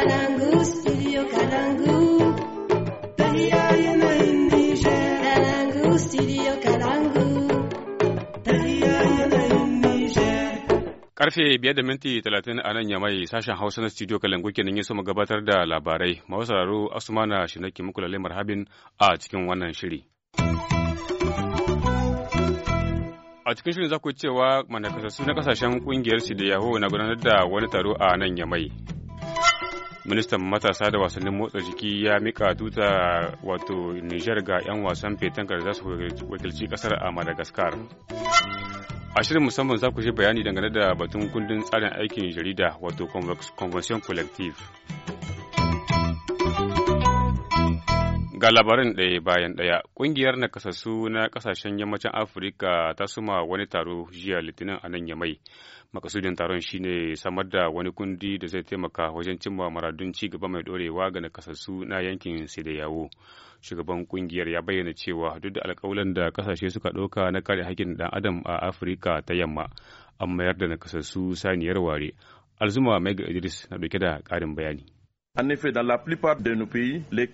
Karfe biyar da minti talatin a nan yamai sashen Hausa na studio Kalangu kenan ya soma gabatar da labarai. Mawasararo Asumana Shinaki muku lalle marhabin a cikin wannan shiri. a cikin shirin za ku cewa manakasassu na kasashen kungiyar su da yahoo na gudanar da wani taro a nan yamai ministan matasa da wasannin motsa jiki ya mika tuta wato nijar ga 'yan wasan fetankar da za su wakilci kasar a madagascar a shirin musamman za ku ji bayani dangane da batun kundin tsarin aikin jarida wato convention collective Ga labarin ɗaya bayan ɗaya, ƙungiyar nakasassu na ƙasashen yammacin Afirka ta suma wani taro jiya Litinin a nan Yamai. Makasudin taron shine samar da wani kundi da zai taimaka wajen cimma maradun ci gaba mai ɗorewa ga nakasassu na yankin da yawo Shugaban kungiyar ya bayyana cewa duk da alƙawalan da kasashe suka ɗauka na kare haƙƙin ɗan adam a Afirka ta yamma, an mayar da nakasassu saniyar ware. Alzuma Mega Idris na ɗauke da ƙarin bayani.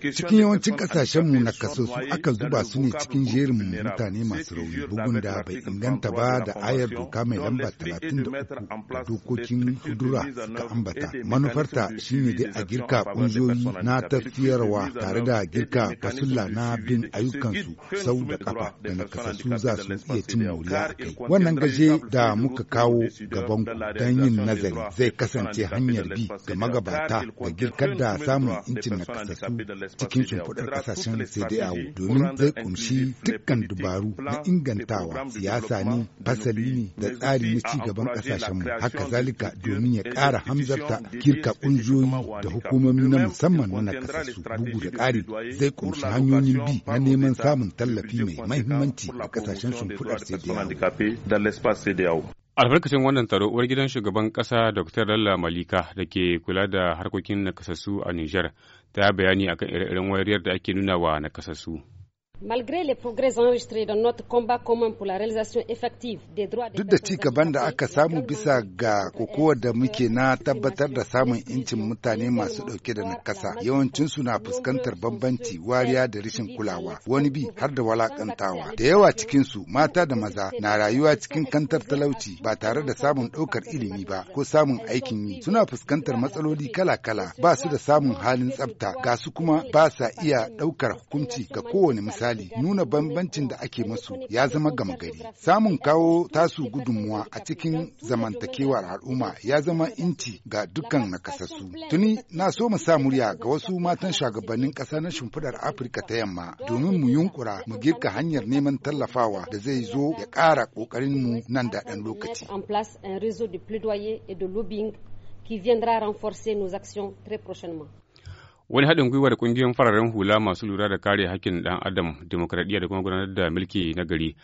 Cikin yawancin ƙasashenmu na kaso su aka zuba su ne cikin jerin mutane masu rauni bugun da bai inganta ba da ayar doka mai lamba 33 dokokin hudura ka ambata. Manufarta shine dai a girka ƙungiyoyi na tafiyarwa tare da girka fasulla na bin ayyukansu sau da kafa da nakasassu za su iya cin moriya a kai. Wannan gaje da muka kawo gabanku don yin nazari zai kasance hanyar bi ga magabata da girka tabbatar da samun incin na kasassu cikin shimfiɗar kasashen CDAO domin zai kunshi dukkan dubaru na ingantawa siyasa ne, fasali ne da tsari na ci gaban kasashenmu. Haka zalika domin ya ƙara hamzarta kirka ƙungiyoyi da hukumomi na musamman na kasassu bugu da ƙari zai kunshi hanyoyin bi na neman samun tallafi mai mahimmanci a kasashen da CDAO. albarkacin wannan taro uwar gidan shugaban kasa dr lalla malika da ke kula da harkokin nakasassu a niger ta bayani akan ire-iren wayar da ake nuna wa nakasassu Malgré les progrès enregistrés dans notre combat commun pour la réalisation Duk da ci gaban da aka samu bisa ga kokowa da muke na tabbatar da samun incin mutane masu ɗauke da nakasa, yawancinsu na fuskantar bambanci, wariya da rashin kulawa, wani bi har da walakantawa. Da yawa cikinsu mata da maza na rayuwa cikin kantar talauci ba tare da samun ɗaukar ilimi ba ko samun aikin yi. Suna fuskantar matsaloli kala-kala, ba su da samun halin tsafta, ga su kuma ba sa iya ɗaukar hukunci ga kowane misali. misali nuna bambancin da ake masu ya zama gama gari. Samun kawo tasu gudunmuwa a cikin zamantakewar al'umma ya zama inci ga dukkan nakasassu. Tuni na so mu sa murya ga wasu matan shugabannin ƙasa na shimfiɗar Afirka ta yamma domin mu yunkura mu girka hanyar neman tallafawa da zai zo ya ƙara ƙoƙarin mu nan da ɗan lokaci. qui viendra renforcer nos actions très prochainement. Wani haɗin gwiwar ƙungiyoyin fararen hula masu lura da kare hakkin ɗan adam, demokradiyya da kuma gudanar da mulki na gari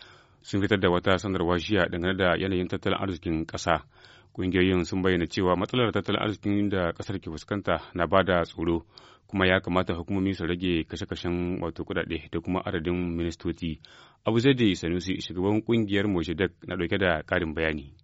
sun fitar da wata sanarwa jiya dangane da yanayin tattalin arzikin ƙasa. Ƙungiyoyin sun bayyana cewa matsalar tattalin arzikin da ƙasar ke fuskanta na ba da tsoro kuma ya kamata hukumomi su rage kashe-kashen wato kuɗaɗe da kuma adadin ministoci. Abu zai da Sanusi shugaban ƙungiyar Moshe na ɗauke da ƙarin bayani.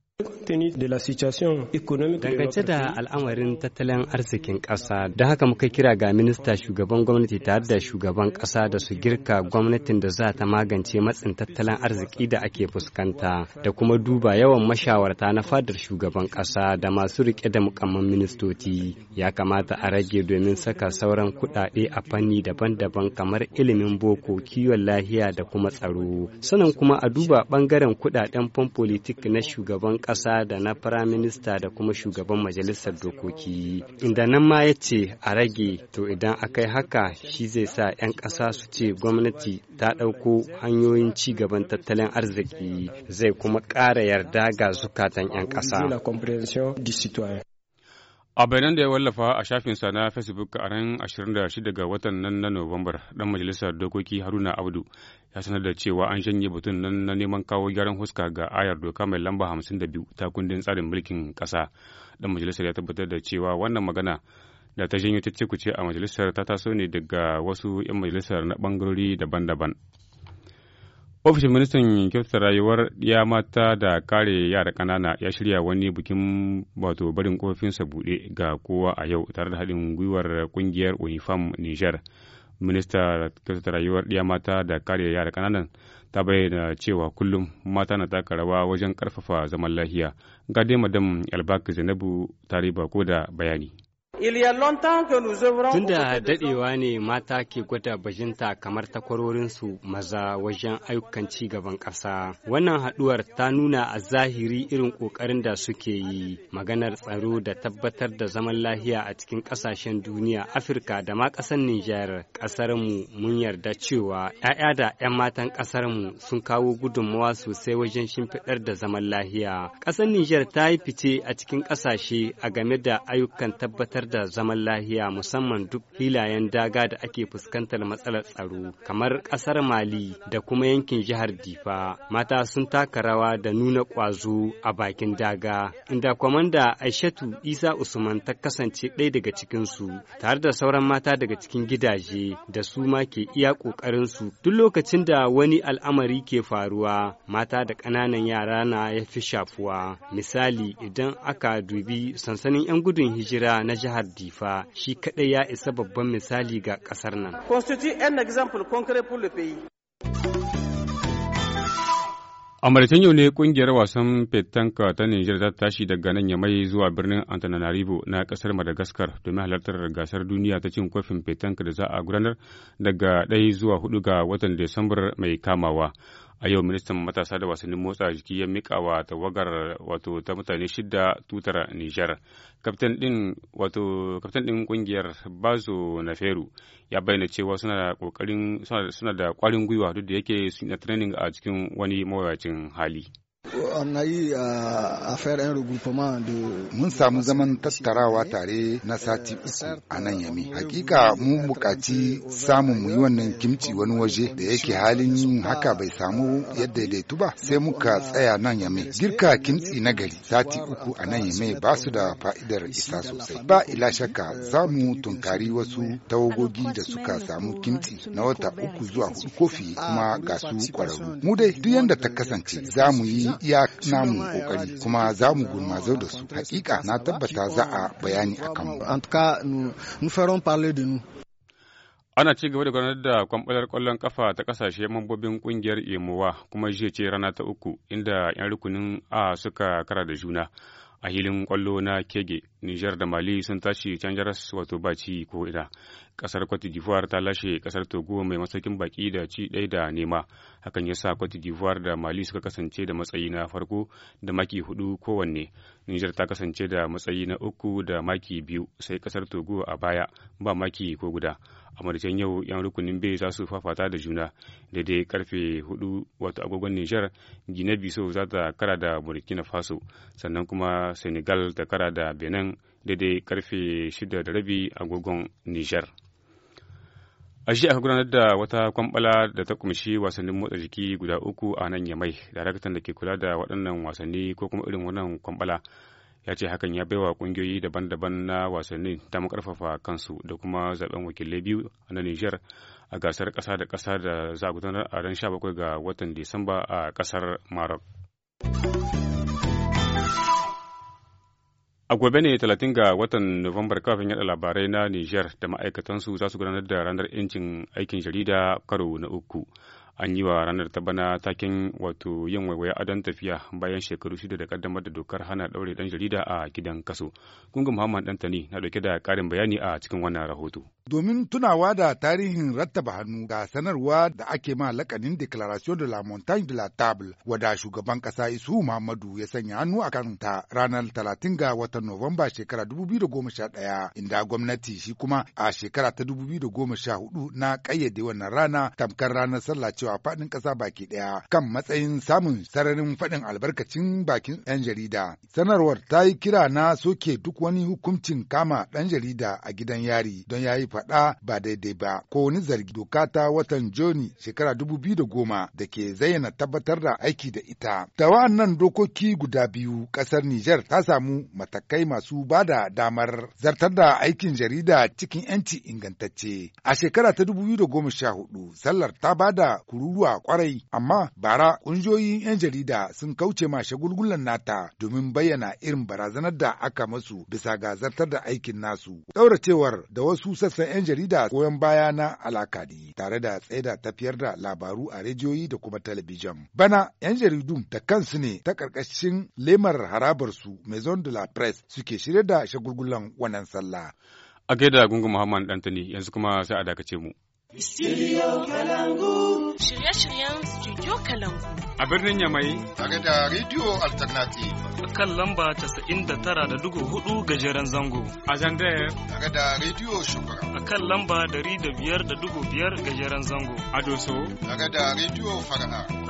Dangance da al'amarin tattalin arzikin ƙasa, da haka muka kira ga minista shugaban gwamnati tare da shugaban ƙasa da su girka gwamnatin da za ta magance matsin tattalin arziki da ake fuskanta, da kuma duba yawan mashawarta na fadar shugaban ƙasa da masu riƙe da mukamman ministoci. Ya kamata a rage domin saka sauran kuɗaɗe a fanni daban-daban kamar ilimin boko, kiwon lahiya da kuma tsaro. Sannan kuma a duba ɓangaren kuɗaɗen fon na shugaban ƙasa. kasa da na firaminista da kuma shugaban majalisar dokoki inda nan ma ya ce a rage to idan aka yi haka shi zai sa 'yan ƙasa su ce gwamnati ta ɗauko hanyoyin ci gaban tattalin arziki zai kuma ƙara yarda ga zukatan 'yan ƙasa A bayanan da ya wallafa a shafinsa na Facebook a ran 26 ga watan nan na Nuwambar, dan majalisar dokoki Haruna Abdu ya sanar da cewa an shanye batun nan na neman kawo gyaran huska ga ayar doka mai lamba 52 ta kundin tsarin mulkin kasa Dan majalisar ya tabbatar da cewa wannan magana da ta janyo ce a majalisar ta taso ne daga wasu 'yan majalisar na bangarori daban-daban. Ofishin ministan kyautata rayuwar ya mata da kare yara kanana ya shirya wani bikin wato barin kofinsa buɗe ga kowa a yau tare da haɗin gwiwar ƙungiyar Unifam Niger. Minista kyautata rayuwar ya mata da kare yara ƙananan ta bayyana cewa kullum mata na taka rawa wajen ƙarfafa zaman lafiya. Ga dai madam Albaki Zainabu ta ko da bayani. Tun da daɗewa ne mata ke gwada bajinta kamar takwarorinsu maza wajen ayyukan ci gaban ƙasa. Wannan haɗuwar ta nuna a zahiri irin ƙoƙarin da suke yi maganar tsaro da tabbatar da zaman lahiya a cikin ƙasashen duniya Afirka da ma ƙasar Nijar. Ƙasarmu mun yarda cewa 'ya'ya da 'yan matan mu sun kawo gudunmawa sosai wajen shimfiɗar da zaman lahiya. Ƙasar Nijar ta yi fice a cikin ƙasashe a game da ayyukan tabbatar da zaman lahiya musamman duk filayen daga da ake fuskantar matsalar tsaro kamar ƙasar Mali da kuma yankin jihar Difa. Mata sun taka rawa da nuna ƙwazo a bakin daga inda kwamanda Aishatu Isa Usman ta kasance ɗaya daga cikinsu tare da sauran mata daga cikin gidaje da su ma ke iya ƙoƙarinsu duk lokacin da wani al'amari ke faruwa mata da ƙananan yara na ya fi shafuwa misali idan aka dubi sansanin 'yan gudun hijira na jihar jihar Difa shi kadai ya isa babban misali ga kasar nan. Constitute an example concrete pour pays. A Mauritania ne kungiyar wasan petanka ta Nijar ta tashi daga nan mai zuwa birnin Antananarivo na kasar Madagascar domin halartar gasar duniya ta cin kofin petanka da za a gudanar daga 1 zuwa hudu ga watan Desambar mai kamawa. a yau ministan matasa da wasannin motsa jiki ya mika wa tawagar wato ta mutane shida tutar nijar kaftan din wato kaftan din kungiyar bazo naferu ya bayyana cewa suna da kokarin kwarin gwiwa duk da yake suna training a cikin wani mawayacin hali Mun samu zaman tattarawa tare na sati uku a nan yami. Hakika mu bukaci samun mu yi wannan kimci wani waje da yake halin yin haka bai samu yadda daidaitu ba sai muka tsaya nan yami. Girka kimci na gari sati uku a nan yami ba su da fa'idar isa sosai. Ba ila shakka za mu tunkari wasu tawagogi da suka samu kimci na wata uku zuwa hudu kofi kuma ga su kwararru. Mu dai duk yadda ta kasance za mu yi yi iya namu kokari kuma za mu zau da su hakika na tabbata za a bayani a de nous. ana ci gaba da gudanar da kwamfalar kwallon kafa ta kasashe mambobin kungiyar emowa kuma jiya ce rana ta uku inda 'yan rukunin a suka kara da juna a hilin kwallo na kege Nijar da Mali sun tashi can jaras wato baci ko ina. Kasar Cote d'Ivoire ta lashe kasar Togo mai masaukin baki da ci ɗaya da nema. Hakan ya sa Cote d'Ivoire da Mali suka kasance da matsayi na farko da maki hudu kowanne. Nijar ta kasance da matsayi na uku da maki biyu sai kasar Togo a baya ba maki ko guda. A yau yan rukunin bai za su fafata da juna daidai karfe hudu wato agogon Nijar Gine Biso za ta kara da Burkina Faso sannan kuma Senegal ta kara da Benin daidai karfe shida da rabi agogon Nijar. A shi aka gudanar da wata kwambala da ta kumshi wasannin motsa jiki guda uku a nan Yamai, daraktan da ke kula da waɗannan wasanni ko kuma irin wannan kwambala ya ce hakan ya baiwa ƙungiyoyi daban-daban na wasannin ta makarfafa kansu da kuma zaben wakilai biyu na Nijar a gasar ƙasa da ƙasa da za a gudanar a ran 17 ga watan Disamba a ƙasar Maroc. A gobe ne 30 ga watan Nuwambar kafin yada labarai na Nijar da ma'aikatansu za su gudanar da ranar 'yancin aikin jarida karo na uku. An yi wa ranar ta bana taken wato yin waiwaye adon tafiya bayan shekaru shida da kaddamar da dokar hana ɗaure ɗan jarida a gidan kaso. Gungun Muhammad Dantani na ɗauke da ƙarin bayani a cikin wannan rahoto. domin tunawa da tarihin rattaba hannu ga sanarwa da ake ma lakanin Declaration de la Montagne de la Table wada shugaban kasa Isu Muhammadu ya sanya hannu a kan ta ranar 30 ga watan Nuwamba shekara 2011 inda gwamnati shi kuma a shekara ta 2014 na kayyade wannan rana tamkar ranar sallah cewa faɗin ƙasa baki ɗaya kan matsayin samun sararin faɗin albarkacin bakin 'yan jarida. Sanarwar ta yi kira na soke duk wani hukuncin kama ɗan jarida a gidan yari don ya yi faɗa ba daidai ba ko wani zargi doka ta watan Joni shekara dubu biyu da goma da ke zayyana tabbatar da aiki da ita. Da wa'annan dokoki guda biyu ƙasar Nijar ta samu matakai masu ba da damar zartar da aikin jarida cikin 'yanci ingantacce. A shekara ta dubu biyu da goma sha hudu sallar ta ba da kururuwa kwarai amma bara ƙungiyoyin 'yan jarida sun kauce ma shagulgulan nata domin bayyana irin barazanar da aka masu bisa ga zartar da aikin nasu. Ɗauracewar da wasu sassa wasan 'yan jarida goyon baya na alakadi tare da tsaida tafiyar da labaru a rediyoyi da kuma talabijin. Bana 'yan jaridu da kansu ne ta ƙarƙashin lemar harabarsu Maison de la Presse suke shirya da shagulgulan wannan sallah. A gaida gungun Muhammad Dantani yanzu kuma sai a dakace mu. Studio Kalangu. Shirye-shiryen Studio Kalangu. A birnin Yamai. Tare da Radio Alternative. A kan lamba 99.4 gajeren zango. A Zandaya. Tare da Radio Shukura. A kan lamba 105.5 gajeren zango. A Doso. Tare da Radio Fara'a.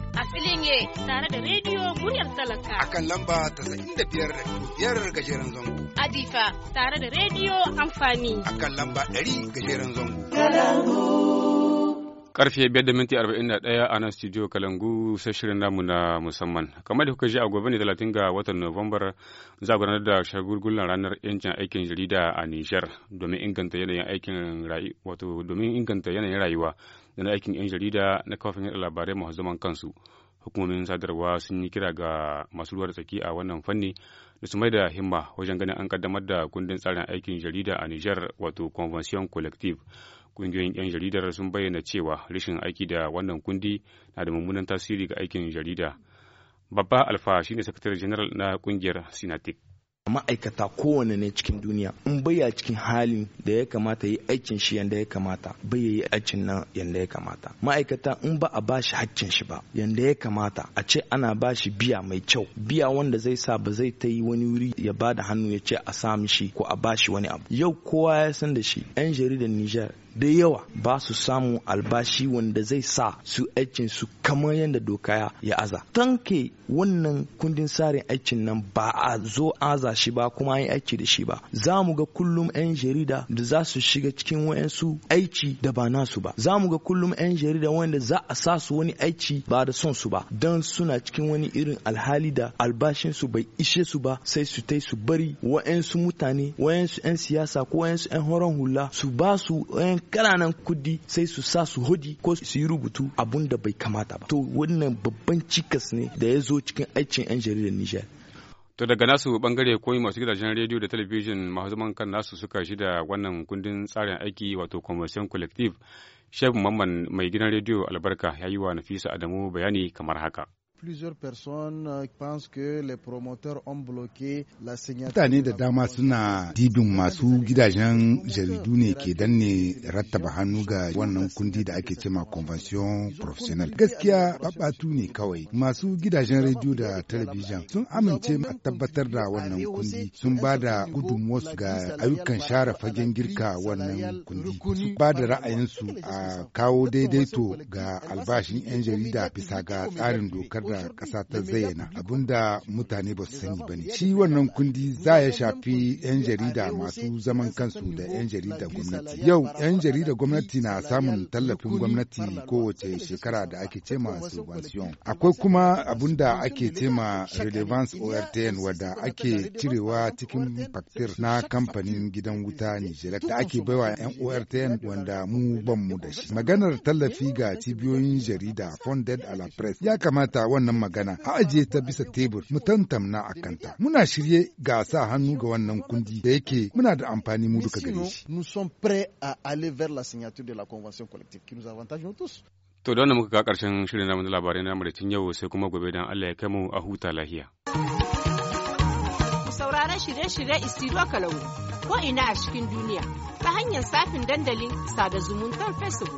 a filin ye tare da rediyo muryar talaka a kan lamba da biyar da biyar gajeren zango adifa tare da rediyo amfani a kan lamba dari gajeren zango karfe 5.41 a nan studio kalangu sai shirin namu na musamman kamar da kuka ji a gobe ne 30 ga watan nuwambar za gudanar da shagulgulan ranar yancin aikin jarida a nijar domin inganta yanayin aikin rayuwa da na aikin 'yan jarida na kafin yada labarai masu zaman kansu hukumomin sadarwa sun yi kira ga masu ruwa da tsaki a wannan fanni da su mai da himma wajen ganin an kaddamar da kundin tsarin aikin jarida a Nijar wato Convention Collective. ƙungiyoyin 'yan jaridar sun bayyana cewa rashin aiki da wannan kundi na da mummunan tasiri ga aikin jarida. Babba Alfa shine sakatare general na ƙungiyar Sinatik. ma'aikata kowane ne cikin duniya in ya cikin halin da ya kamata yi aikin shi yanda ya kamata bai yi aikin nan yanda ya kamata ma'aikata in ba a bashi hakkin shi ba yanda ya kamata a ce ana bashi biya mai kyau biya wanda zai sa ba zai ta yi wani wuri ya ba da hannu ya ce a sami shi ko a ba shi wani abu yau kowa ya san da shi yan jaridar Nijar da yawa ba su samun albashi wanda zai sa su aikin su kamar yadda doka ya aza tanke wannan kundin tsarin aikin nan ba a zo aza shi ba kuma yi aiki da shi ba za mu ga kullum 'yan jarida da za su shiga cikin wayansu aiki da ba nasu ba za mu ga kullum 'yan jarida wanda za a sa su wani aiki ba da son su ba don suna cikin wani irin alhali da albashin su bai ishe su ba sai su tai su bari wayansu mutane wayansu 'yan siyasa ko wayansu 'yan horon hula su ba su 'yan kananan kudi sai su sa su hudi ko su yi rubutu abun da bai kamata ba to wannan babban cikas ne da ya zo cikin aikin 'yan jaridar nijar to daga nasu bangare koyi masu gidajen rediyo da talabijin masu zaman kan nasu suka shida wannan kundin tsarin aiki wato commission collective shef mamman mai gidan rediyo albarka ya yi wa nafisa adamu bayani kamar haka plusieurs personnes euh, pensent que les promoteurs ont bloqué la signature. Mutane da dama suna dibin masu gidajen jaridu ne ke danne rattaba hannu ga wannan kundi da ake cema convention professionnelle. Gaskiya babatu ne kawai. Masu gidajen rediyo da talabijin sun amince a tabbatar da wannan kundi sun ba da gudunmuwarsu ga ayyukan share fagen girka wannan kundi. Sun ba da ra'ayinsu a kawo daidaito ga albashin 'yan jarida bisa ga tsarin dokar kasa ta zayyana abinda mutane ba su sani ba ne. Shi wannan kundi za ya shafi 'yan jarida masu zaman kansu da 'yan jarida gwamnati. Yau 'yan jarida gwamnati na samun tallafin gwamnati kowace shekara da ake cema subvention. Akwai kuma abinda ake cema relevance ORTN wadda ake cirewa cikin faktir na kamfanin gidan wuta Nijar da ake baiwa 'yan ORTN wanda mu ban mu da shi. Maganar tallafi ga cibiyoyin jarida Funded a la Press ya kamata wannan magana a ajiye ta bisa tebur mu tantamna a kanta. Muna shirye ga sa hannu ga wannan kundi da yake muna da amfani mu duka gare shi. Nous To da muka ga karshen shirin namu labarai na maritin yau sai kuma gobe dan Allah ya kai mu a huta lahiya. Sauraron shirye-shirye Istiro Kalau ko ina a cikin duniya ta hanyar safin dandalin sada zumuntar Facebook.